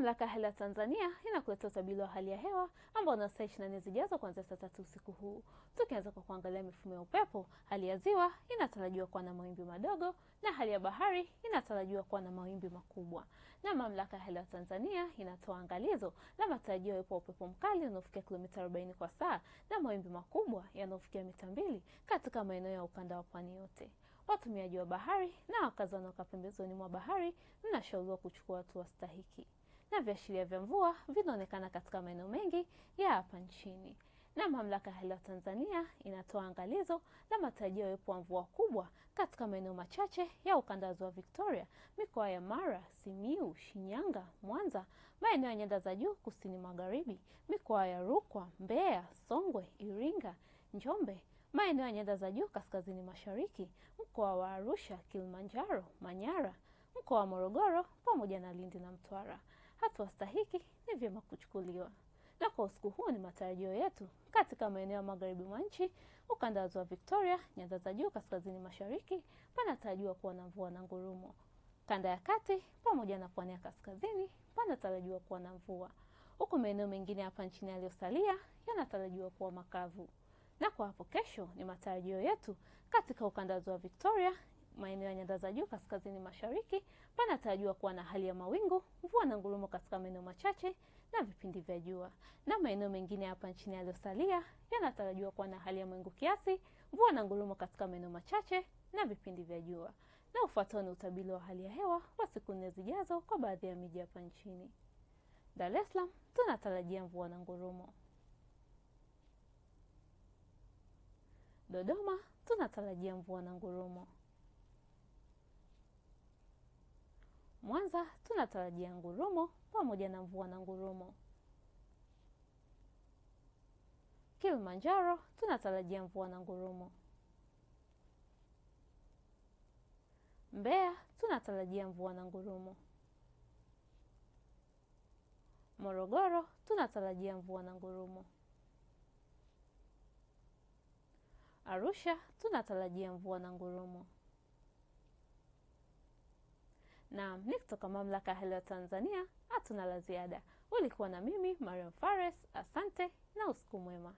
Mamlaka ya hali ya Tanzania inakuletea utabiri wa hali ya hewa ambao una saa 24 zijazo kuanzia saa tatu usiku huu. Tukianza kwa kuangalia mifumo ya upepo, hali ya ziwa inatarajiwa kuwa na mawimbi madogo na hali ya bahari inatarajiwa kuwa na mawimbi makubwa. Na mamlaka ya hali ya Tanzania inatoa angalizo la matarajio ya upepo mkali unaofikia kilomita 40 kwa saa na mawimbi makubwa yanayofikia mita mbili katika maeneo ya ukanda wa pwani yote. Watumiaji wa bahari na wakazi wanaokaa pembezoni mwa bahari mnashauriwa kuchukua hatua stahiki na viashiria vya mvua vinaonekana katika maeneo mengi ya hapa nchini. Na Mamlaka ya Hali ya Tanzania inatoa angalizo la matarajio ya uwepo wa mvua kubwa katika maeneo machache ya ukanda wa Ziwa Victoria, mikoa ya Mara, simiu Shinyanga, Mwanza, maeneo ya nyanda za juu kusini magharibi, mikoa ya Rukwa, Mbeya, Songwe, Iringa, Njombe, maeneo ya nyanda za juu kaskazini mashariki, mkoa wa Arusha, Kilimanjaro, Manyara, mkoa wa Morogoro pamoja na Lindi na Mtwara hatua stahiki ni vyema kuchukuliwa. Na kwa usiku huu ni matarajio yetu katika maeneo ya magharibi mwa nchi, ukanda wa ziwa Victoria, nyanda za juu kaskazini mashariki, panatarajiwa kuwa na mvua na ngurumo. Kanda ya kati pamoja na pwani ya kaskazini panatarajiwa kuwa na mvua, huku maeneo mengine hapa nchini yaliyosalia yanatarajiwa kuwa makavu. Na kwa hapo kesho ni matarajio yetu katika ukanda wa ziwa Victoria, maeneo ya nyanda za juu kaskazini mashariki panatarajiwa kuwa na hali ya mawingu, mvua na ngurumo katika maeneo machache na vipindi vya jua, na maeneo mengine hapa nchini yaliyosalia yanatarajiwa kuwa na hali ya mawingu kiasi, mvua na ngurumo katika maeneo machache na vipindi vya jua. Na ufuatao ni utabiri wa hali ya hewa wa siku nne zijazo kwa baadhi ya miji hapa nchini. Dar es Salaam tunatarajia mvua na ngurumo. Dodoma tunatarajia mvua na ngurumo. Mwanza tunatarajia ngurumo pamoja na mvua na ngurumo. Kilimanjaro tunatarajia mvua na ngurumo. Mbeya tunatarajia mvua na ngurumo. Morogoro tunatarajia mvua na ngurumo. Arusha tunatarajia mvua na ngurumo na ni kutoka mamlaka ya haliwa Tanzania. Hatuna la ziada. Ulikuwa na mimi Mariam Fares, asante na usiku mwema.